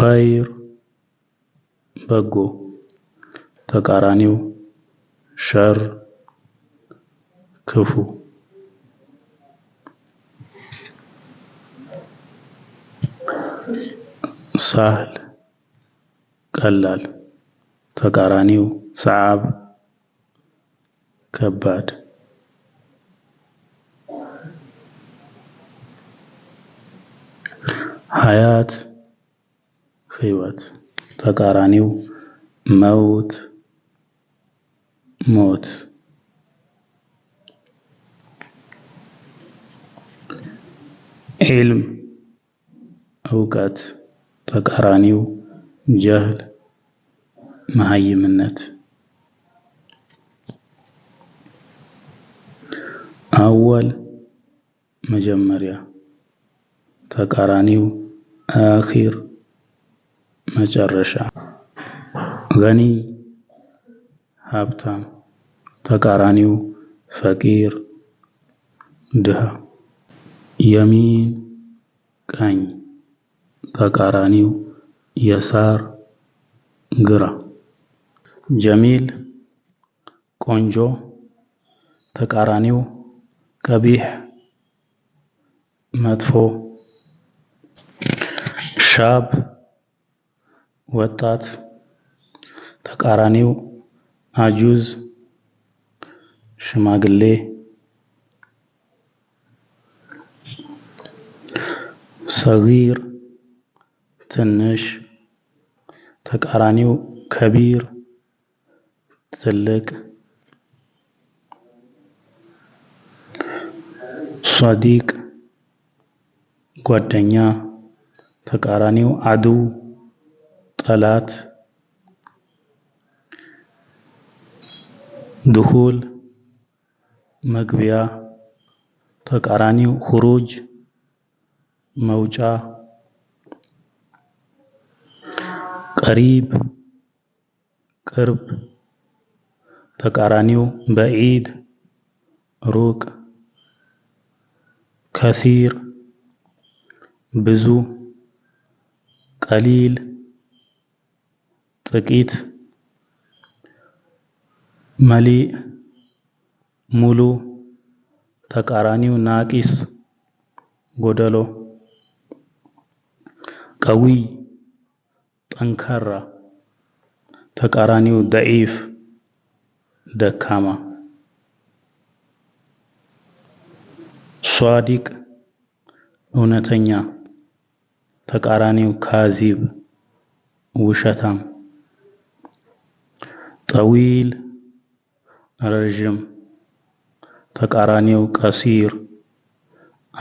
ኸይር በጎ ተቃራኒው ሸር ክፉ ሳህል ቀላል ተቃራኒው ሰዓብ ከባድ ሀያት ህይወት ተቃራኒው መውት ሞት ዒልም እውቀት ተቃራኒው ጀህል መሀይምነት አወል መጀመሪያ ተቃራኒው አኺር መጨረሻ ገኒ ሀብታም፣ ተቃራኒው ፈቂር ድሃ። የሚን ቀኝ፣ ተቃራኒው የሳር ግራ። ጀሚል ቆንጆ፣ ተቃራኒው ቀቢሕ መጥፎ። ሻብ ወጣት ተቃራኒው አጁዝ ሽማግሌ ሰጊር ትንሽ ተቃራኒው ከቢር ትልቅ ሷዲቅ ጓደኛ ተቃራኒው አዱው ጠላት ድኹል መግቢያ ተቃራኒው ኹሩጅ መውጫ ቀሪብ ቅርብ ተቃራኒው በዒድ ሩቅ ከሲር ብዙ ቀሊል ጥቂት መሊእ ሙሉ ተቃራኒው ናቂስ ጎደሎ ቀዊይ ጠንካራ ተቃራኒው ደዒፍ ደካማ ሷዲቅ እውነተኛ ተቃራኒው ካዚብ ውሸታም ጠዊል ረዥም ተቃራኒው ቀሲር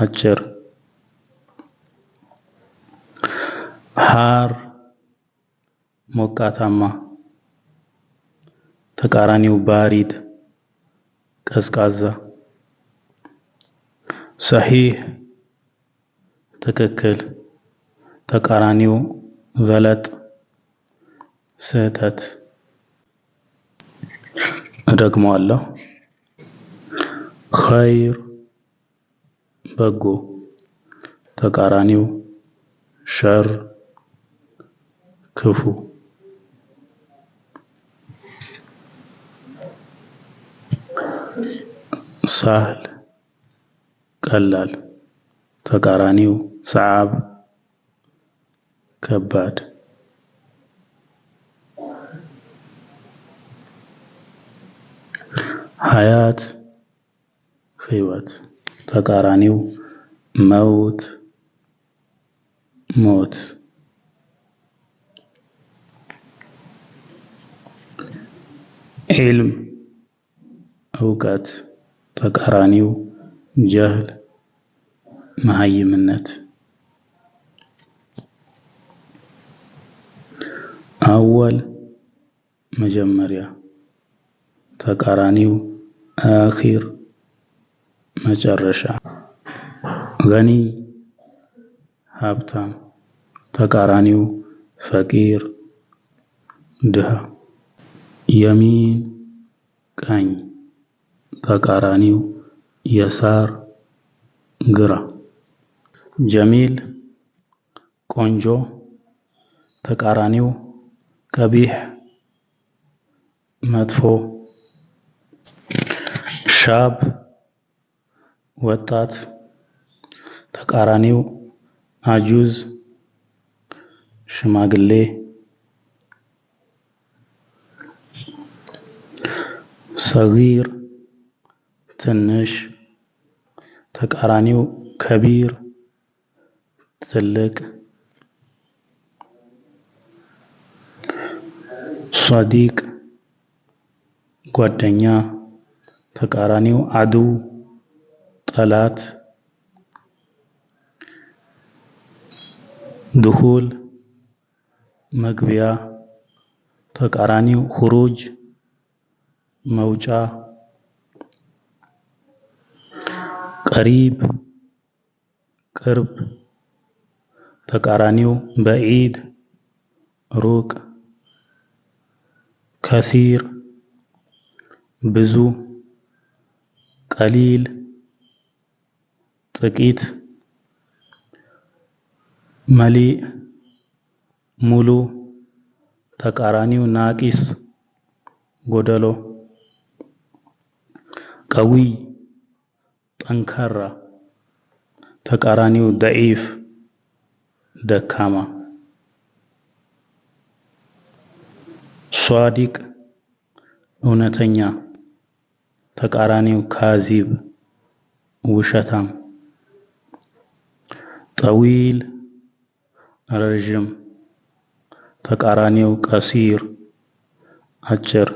አጭር ሐር ሞቃታማ ተቃራኒው ባሪድ ቀዝቃዛ ሰሒህ ትክክል ተቃራኒው ገለጥ ስህተት እደግመዋለሁ። ኸይር በጎ ተቃራኒው ሸር ክፉ ሳህል ቀላል ተቃራኒው ሰዓብ ከባድ ሀያት ህይወት ተቃራኒው መውት ሞት ዒልም እውቀት ተቃራኒው ጀህል መሀይምነት አወል መጀመሪያ ተቃራኒው አኺር መጨረሻ ገኒ ሀብታም ተቃራኒው ፈቂር ድሃ የሚን ቀኝ ተቃራኒው የሳር ግራ ጀሚል ቆንጆ ተቃራኒው ቀቢህ መጥፎ ሻብ ወጣት ተቃራኒው አጁዝ ሽማግሌ ሰጊር ትንሽ ተቃራኒው ከቢር ትልቅ ሷዲቅ ጓደኛ ተቃራኒው አድው ጠላት ድኹል መግቢያ ተቃራኒው ሁሩጅ መውጫ ቀሪብ ቅርብ ተቃራኒው በዒድ ሩቅ ከሲር ብዙ ቀሊል ጥቂት መሊእ ሙሉ ተቃራኒው ናቂስ ጎደሎ ቀዊይ ጠንካራ ተቃራኒው ደዒፍ ደካማ ሷዲቅ እውነተኛ ተቃራኒው ካዚብ ውሸታም። ጠዊል ረዥም፣ ተቃራኒው ቀሲር አጭር።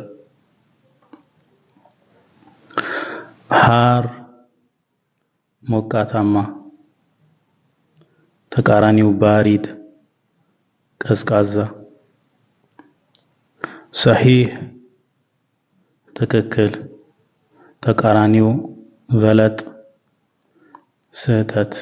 ሐር ሞቃታማ፣ ተቃራኒው ባሪድ ቀዝቃዛ። ሰሒህ ትክክል ተቃራኒው በለጥ ስህተት